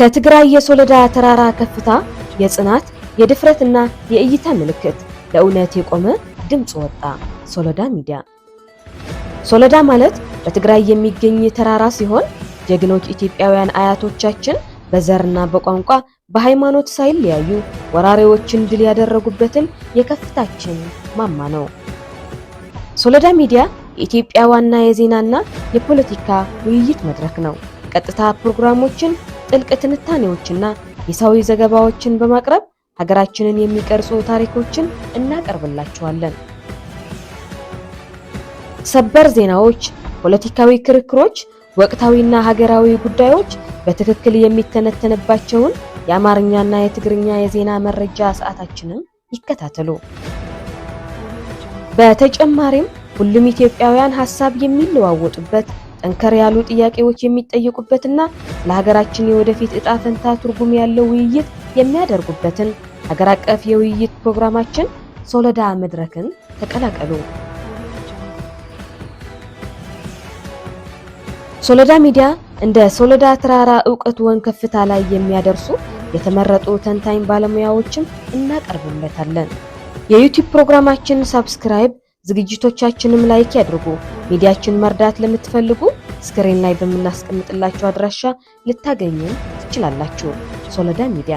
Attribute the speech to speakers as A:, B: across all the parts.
A: ከትግራይ የሶለዳ ተራራ ከፍታ የጽናት የድፍረትና የእይታ ምልክት ለእውነት የቆመ ድምፅ ወጣ። ሶለዳ ሚዲያ። ሶለዳ ማለት በትግራይ የሚገኝ ተራራ ሲሆን ጀግኖች ኢትዮጵያውያን አያቶቻችን በዘርና በቋንቋ በሃይማኖት ሳይለያዩ ወራሪዎችን ድል ያደረጉበትም የከፍታችን ማማ ነው። ሶለዳ ሚዲያ የኢትዮጵያ ዋና የዜናና የፖለቲካ ውይይት መድረክ ነው። ቀጥታ ፕሮግራሞችን ጥልቅ ትንታኔዎችና የሳዊ ዘገባዎችን በማቅረብ ሀገራችንን የሚቀርጹ ታሪኮችን እናቀርብላችኋለን። ሰበር ዜናዎች፣ ፖለቲካዊ ክርክሮች፣ ወቅታዊና ሀገራዊ ጉዳዮች በትክክል የሚተነተንባቸውን የአማርኛና የትግርኛ የዜና መረጃ ሰዓታችንን ይከታተሉ። በተጨማሪም ሁሉም ኢትዮጵያውያን ሀሳብ የሚለዋወጡበት ጠንከር ያሉ ጥያቄዎች የሚጠየቁበትና ለሀገራችን የወደፊት እጣ ፈንታ ትርጉም ያለው ውይይት የሚያደርጉበትን ሀገር አቀፍ የውይይት ፕሮግራማችን ሶለዳ መድረክን ተቀላቀሉ። ሶለዳ ሚዲያ እንደ ሶለዳ ተራራ እውቀት ወን ከፍታ ላይ የሚያደርሱ የተመረጡ ተንታኝ ባለሙያዎችን እናቀርብለታለን። የዩቲዩብ ፕሮግራማችን ሰብስክራይብ ዝግጅቶቻችንም ላይክ ያድርጉ። ሚዲያችን መርዳት ለምትፈልጉ ስክሪን ላይ በምናስቀምጥላችሁ አድራሻ ልታገኙ ትችላላችሁ። ሶለዳ ሚዲያ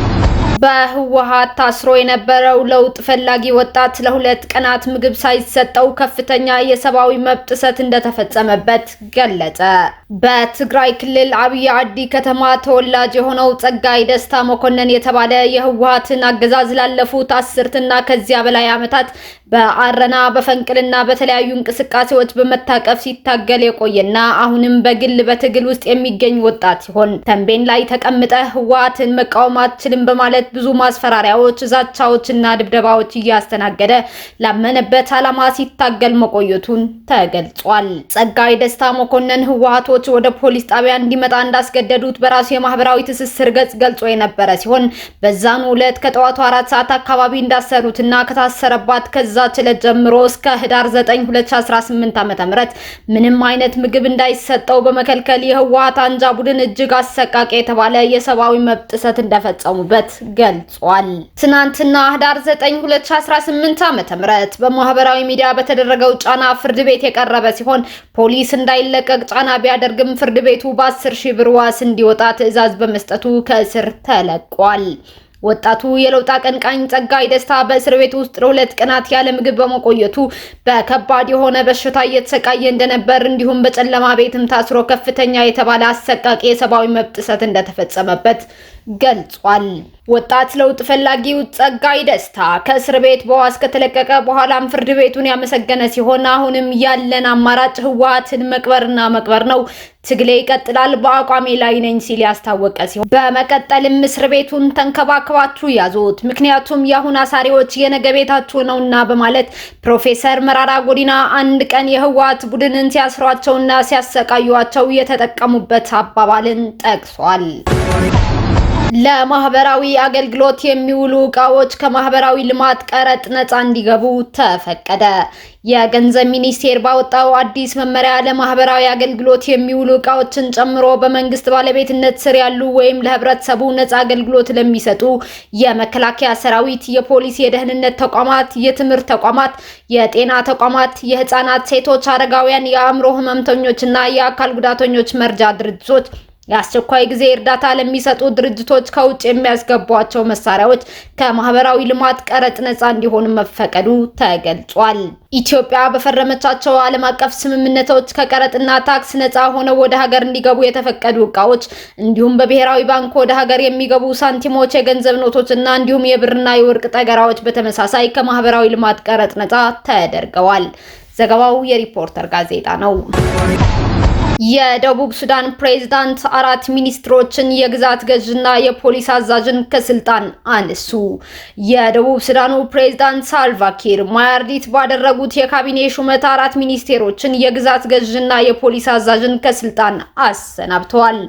B: በህወሀት ታስሮ የነበረው ለውጥ ፈላጊ ወጣት ለሁለት ቀናት ምግብ ሳይሰጠው ከፍተኛ የሰብአዊ መብት ጥሰት እንደተፈጸመበት ገለጸ። በትግራይ ክልል አብይ አዲ ከተማ ተወላጅ የሆነው ጸጋይ ደስታ መኮንን የተባለ የህወሀትን አገዛዝ ላለፉት አስርትና ከዚያ በላይ ዓመታት በአረና በፈንቅልና በተለያዩ እንቅስቃሴዎች በመታቀፍ ሲታገል የቆየና አሁንም በግል በትግል ውስጥ የሚገኝ ወጣት ሲሆን ተንቤን ላይ ተቀምጠ ህወሀትን መቃወም አትችልም በማለት ብዙ ማስፈራሪያዎች፣ እና ድብደባዎች እያስተናገደ ላመነበት ዓላማ ሲታገል መቆየቱን ተገልጿል። ጸጋይ ደስታ መኮንን ህወሓቶች ወደ ፖሊስ ጣቢያ እንዲመጣ እንዳስገደዱት በራሱ የማህበራዊ ትስስር ገጽ ገልጾ የነበረ ሲሆን በዛን ዕለት ከጠዋቱ አራት ሰዓት አካባቢ እና ከታሰረባት ከዛች ዕለት ጀምሮ እስከ ህዳር 9 2018 ዓ.ም ምንም አይነት ምግብ እንዳይሰጠው በመከልከል የህወሓት አንጃ ቡድን እጅግ አሰቃቂ የተባለ የሰብአዊ መብት ጥሰት እንደፈጸሙበት ገልጿል። ትናንትና ህዳር 9 2018 ዓ.ም በማህበራዊ ሚዲያ በተደረገው ጫና ፍርድ ቤት የቀረበ ሲሆን ፖሊስ እንዳይለቀቅ ጫና ቢያደርግም ፍርድ ቤቱ በ10 ሺ ብር ዋስ እንዲወጣ ትዕዛዝ በመስጠቱ ከእስር ተለቋል። ወጣቱ የለውጥ አቀንቃኝ ጸጋይ ደስታ በእስር ቤት ውስጥ ለሁለት ቀናት ያለ ምግብ በመቆየቱ በከባድ የሆነ በሽታ እየተሰቃየ እንደነበር እንዲሁም በጨለማ ቤትም ታስሮ ከፍተኛ የተባለ አሰቃቂ የሰብአዊ መብት ጥሰት እንደተፈጸመበት ገልጿል። ወጣት ለውጥ ፈላጊው ጸጋይ ደስታ ከእስር ቤት በዋስ ከተለቀቀ በኋላም ፍርድ ቤቱን ያመሰገነ ሲሆን አሁንም ያለን አማራጭ ህወሓትን መቅበርና መቅበር ነው፣ ትግሌ ይቀጥላል፣ በአቋሜ ላይ ነኝ ሲል ያስታወቀ ሲሆን በመቀጠልም እስር ቤቱን ተንከባከባችሁ ያዙት፣ ምክንያቱም የአሁን አሳሪዎች የነገ ቤታችሁ ነውና በማለት ፕሮፌሰር መራራ ጎዲና አንድ ቀን የህወሓት ቡድንን ሲያስሯቸውና ሲያሰቃዩቸው የተጠቀሙበት አባባልን ጠቅሷል። ለማህበራዊ አገልግሎት የሚውሉ እቃዎች ከማህበራዊ ልማት ቀረጥ ነፃ እንዲገቡ ተፈቀደ። የገንዘብ ሚኒስቴር ባወጣው አዲስ መመሪያ ለማህበራዊ አገልግሎት የሚውሉ እቃዎችን ጨምሮ በመንግስት ባለቤትነት ስር ያሉ ወይም ለህብረተሰቡ ነፃ አገልግሎት ለሚሰጡ የመከላከያ ሰራዊት፣ የፖሊስ፣ የደህንነት ተቋማት፣ የትምህርት ተቋማት፣ የጤና ተቋማት፣ የህፃናት፣ ሴቶች፣ አረጋውያን፣ የአእምሮ ህመምተኞች እና የአካል ጉዳተኞች መርጃ ድርጅቶች የአስቸኳይ ጊዜ እርዳታ ለሚሰጡ ድርጅቶች ከውጭ የሚያስገቧቸው መሳሪያዎች ከማህበራዊ ልማት ቀረጥ ነፃ እንዲሆኑ መፈቀዱ ተገልጿል። ኢትዮጵያ በፈረመቻቸው ዓለም አቀፍ ስምምነቶች ከቀረጥና ታክስ ነፃ ሆነው ወደ ሀገር እንዲገቡ የተፈቀዱ እቃዎች እንዲሁም በብሔራዊ ባንክ ወደ ሀገር የሚገቡ ሳንቲሞች፣ የገንዘብ ኖቶች እና እንዲሁም የብርና የወርቅ ጠገራዎች በተመሳሳይ ከማህበራዊ ልማት ቀረጥ ነፃ ተደርገዋል። ዘገባው የሪፖርተር ጋዜጣ ነው። የደቡብ ሱዳን ፕሬዝዳንት አራት ሚኒስትሮችን የግዛት ገዥና የፖሊስ አዛዥን ከስልጣን አነሱ። የደቡብ ሱዳኑ ፕሬዝዳንት ሳልቫኪር ማያርዲት ባደረጉት የካቢኔ ሹመት አራት ሚኒስቴሮችን የግዛት ገዥና የፖሊስ አዛዥን ከስልጣን አሰናብተዋል።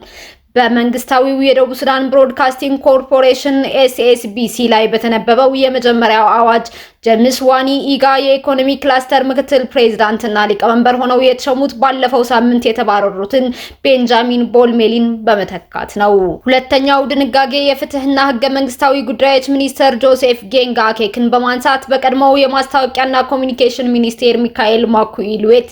B: በመንግስታዊው የደቡብ ሱዳን ብሮድካስቲንግ ኮርፖሬሽን ኤስኤስቢሲ ላይ በተነበበው የመጀመሪያው አዋጅ ጀምስ ዋኒ ኢጋ የኢኮኖሚ ክላስተር ምክትል ፕሬዝዳንት ሊቀመንበር ሆነው የተሾሙት ባለፈው ሳምንት የተባረሩትን ቤንጃሚን ቦልሜሊን በመተካት ነው። ሁለተኛው ድንጋጌ የፍትህና ህገ መንግስታዊ ጉዳዮች ሚኒስተር ጆሴፍ ጌንጋ ኬክን በማንሳት በቀድሞው የማስታወቂያና ኮሚኒኬሽን ሚኒስቴር ሚካኤል ማኩኢሉዌት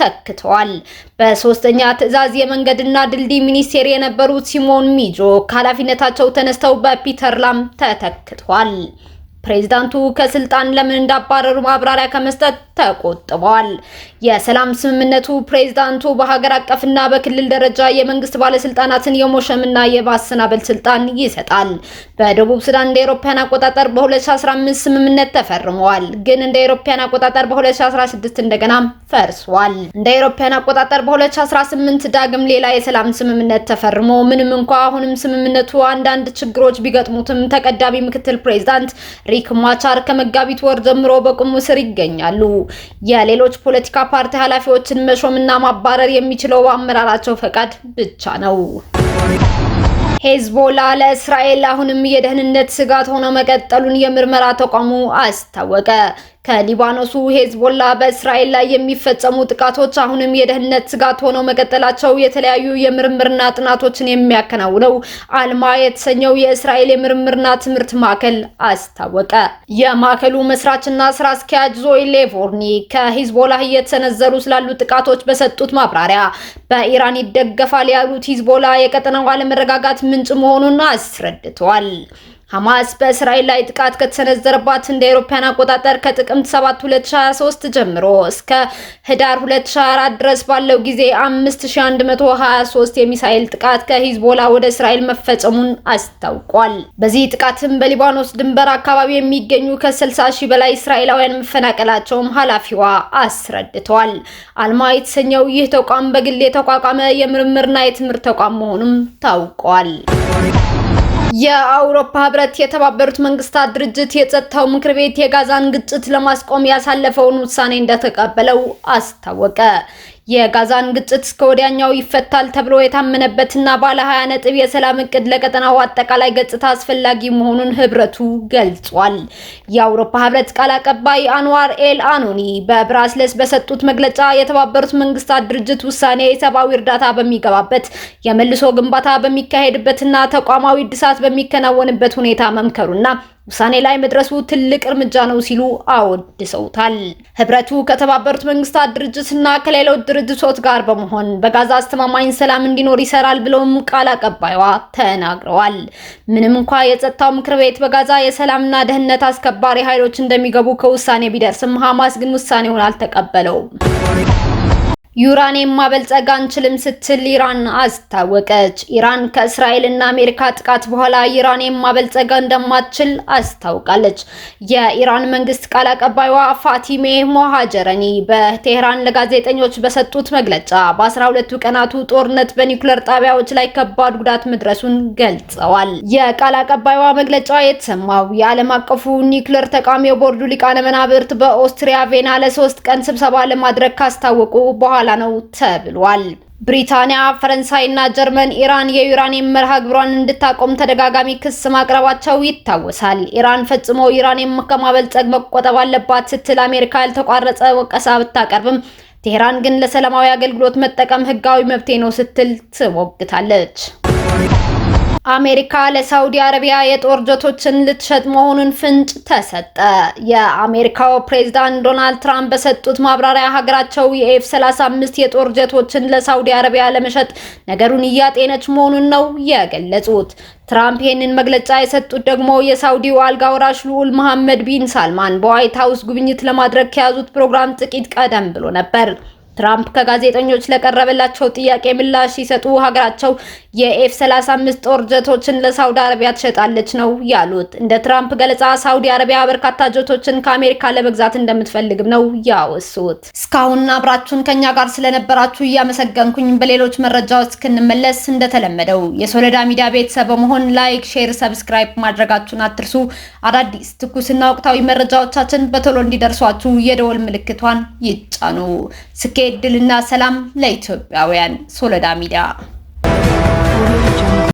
B: ተክተዋል። በሶስተኛ ትዕዛዝ የመንገድና ድልድይ ሚኒስቴር የነበሩት ሲሞን ሚጆ ከኃላፊነታቸው ተነስተው በፒተር ላም ተተክተዋል። ፕሬዚዳንቱ ከስልጣን ለምን እንዳባረሩ ማብራሪያ ከመስጠት ተቆጥበዋል። የሰላም ስምምነቱ ፕሬዝዳንቱ በሀገር አቀፍና በክልል ደረጃ የመንግስት ባለስልጣናትን የሞሸምና የማሰናበል ስልጣን ይሰጣል። በደቡብ ሱዳን እንደ አውሮፓውያን አቆጣጠር በ2015 ስምምነት ተፈርመዋል፣ ግን እንደ አውሮፓውያን አቆጣጠር በ2016 እንደገና ፈርሷል። እንደ አውሮፓውያን አቆጣጠር በ2018 ዳግም ሌላ የሰላም ስምምነት ተፈርሞ ምንም እንኳ አሁንም ስምምነቱ አንዳንድ ችግሮች ቢገጥሙትም ተቀዳሚ ምክትል ፕሬዝዳንት ሪክ ማቻር ከመጋቢት ወር ጀምሮ በቁም ስር ይገኛሉ። የሌሎች ፖለቲካ ፓርቲ ኃላፊዎችን መሾምና ማባረር የሚችለው በአመራራቸው ፈቃድ ብቻ ነው። ሄዝቦላ ለእስራኤል አሁንም የደህንነት ስጋት ሆኖ መቀጠሉን የምርመራ ተቋሙ አስታወቀ። ከሊባኖሱ ሄዝቦላ በእስራኤል ላይ የሚፈጸሙ ጥቃቶች አሁንም የደህንነት ስጋት ሆነው መቀጠላቸው የተለያዩ የምርምርና ጥናቶችን የሚያከናውነው አልማ የተሰኘው የእስራኤል የምርምርና ትምህርት ማዕከል አስታወቀ። የማዕከሉ መስራችና ስራ አስኪያጅ ዞይ ሌቮርኒ ከሂዝቦላ እየተሰነዘሩ ስላሉ ጥቃቶች በሰጡት ማብራሪያ በኢራን ይደገፋል ያሉት ሂዝቦላ የቀጠናው አለመረጋጋት ምንጭ መሆኑን አስረድተዋል። ሐማስ በእስራኤል ላይ ጥቃት ከተሰነዘረባት እንደ አውሮፓውያን አቆጣጠር ከጥቅምት 7 2023 ጀምሮ እስከ ህዳር 2024 ድረስ ባለው ጊዜ 5123 የሚሳኤል ጥቃት ከሂዝቦላ ወደ እስራኤል መፈጸሙን አስታውቋል። በዚህ ጥቃትም በሊባኖስ ድንበር አካባቢ የሚገኙ ከ60 ሺህ በላይ እስራኤላውያን መፈናቀላቸውም ኃላፊዋ አስረድተዋል። አልማ የተሰኘው ይህ ተቋም በግል የተቋቋመ የምርምርና የትምህርት ተቋም መሆኑም ታውቋል። የአውሮፓ ህብረት፣ የተባበሩት መንግስታት ድርጅት የጸጥታው ምክር ቤት የጋዛን ግጭት ለማስቆም ያሳለፈውን ውሳኔ እንደተቀበለው አስታወቀ። የጋዛን ግጭት እስከ ወዲያኛው ይፈታል ተብሎ የታመነበትና ባለ 20 ነጥብ የሰላም እቅድ ለቀጠናው አጠቃላይ ገጽታ አስፈላጊ መሆኑን ህብረቱ ገልጿል። የአውሮፓ ህብረት ቃል አቀባይ አንዋር ኤል አኖኒ በብራስለስ በሰጡት መግለጫ የተባበሩት መንግስታት ድርጅት ውሳኔ የሰብአዊ እርዳታ በሚገባበት የመልሶ ግንባታ በሚካሄድበትና ተቋማዊ እድሳት በሚከናወንበት ሁኔታ መምከሩና ውሳኔ ላይ መድረሱ ትልቅ እርምጃ ነው ሲሉ አወድሰውታል። ህብረቱ ከተባበሩት መንግስታት ድርጅትና ከሌሎች ድርጅቶች ጋር በመሆን በጋዛ አስተማማኝ ሰላም እንዲኖር ይሰራል ብለውም ቃል አቀባይዋ ተናግረዋል። ምንም እንኳ የጸጥታው ምክር ቤት በጋዛ የሰላምና ደህንነት አስከባሪ ኃይሎች እንደሚገቡ ከውሳኔ ቢደርስም ሐማስ ግን ውሳኔውን አልተቀበለውም። ዩራን ማበልጸግ አንችልም ስትል ኢራን አስታወቀች። ኢራን ከእስራኤል እና አሜሪካ ጥቃት በኋላ ዩራኒየም ማበልጸግ እንደማትችል አስታውቃለች። የኢራን መንግስት ቃል አቀባይዋ ፋቲሜ ሞሃጀረኒ በቴህራን ለጋዜጠኞች በሰጡት መግለጫ በአስራ ሁለቱ ቀናቱ ጦርነት በኒውክለር ጣቢያዎች ላይ ከባድ ጉዳት መድረሱን ገልጸዋል። የቃል አቀባይዋ መግለጫ የተሰማው የዓለም አቀፉ ኒውክለር ተቋም የቦርዱ ሊቃነ መናብርት በኦስትሪያ ቬና ለሶስት ቀን ስብሰባ ለማድረግ ካስታወቁ በኋላ በኋላ ነው ተብሏል። ብሪታንያ፣ ፈረንሳይና ጀርመን ኢራን የዩራኒየም መርሃ ግብሯን እንድታቆም ተደጋጋሚ ክስ ማቅረባቸው ይታወሳል። ኢራን ፈጽሞ ዩራኒየም ከማበልጸግ መቆጠብ አለባት ስትል አሜሪካ ያልተቋረጠ ወቀሳ ብታቀርብም ቴህራን ግን ለሰላማዊ አገልግሎት መጠቀም ሕጋዊ መብቴ ነው ስትል ትሞግታለች። አሜሪካ ለሳውዲ አረቢያ የጦር ጀቶችን ልትሸጥ መሆኑን ፍንጭ ተሰጠ። የአሜሪካው ፕሬዝዳንት ዶናልድ ትራምፕ በሰጡት ማብራሪያ ሀገራቸው የኤፍ 35 የጦር ጀቶችን ለሳውዲ አረቢያ ለመሸጥ ነገሩን እያጤነች መሆኑን ነው የገለጹት። ትራምፕ ይህንን መግለጫ የሰጡት ደግሞ የሳውዲው አልጋ ወራሽ ልዑል መሐመድ ቢን ሳልማን በዋይት ሀውስ ጉብኝት ለማድረግ ከያዙት ፕሮግራም ጥቂት ቀደም ብሎ ነበር። ትራምፕ ከጋዜጠኞች ለቀረበላቸው ጥያቄ ምላሽ ሲሰጡ ሀገራቸው የኤፍ 35 ጦር ጀቶችን ለሳውዲ አረቢያ ትሸጣለች ነው ያሉት። እንደ ትራምፕ ገለጻ ሳውዲ አረቢያ በርካታ ጀቶችን ከአሜሪካ ለመግዛት እንደምትፈልግም ነው ያወሱት። እስካሁን አብራችሁን ከኛ ጋር ስለነበራችሁ እያመሰገንኩኝ በሌሎች መረጃዎች እስክንመለስ እንደተለመደው የሶለዳ ሚዲያ ቤተሰብ በመሆን ላይክ፣ ሼር፣ ሰብስክራይብ ማድረጋችሁን አትርሱ። አዳዲስ ትኩስና ወቅታዊ መረጃዎቻችን በቶሎ እንዲደርሷችሁ የደወል ምልክቷን ይጫኑ። እድልና ሰላም ለኢትዮጵያውያን። ሶለዳ ሚዲያ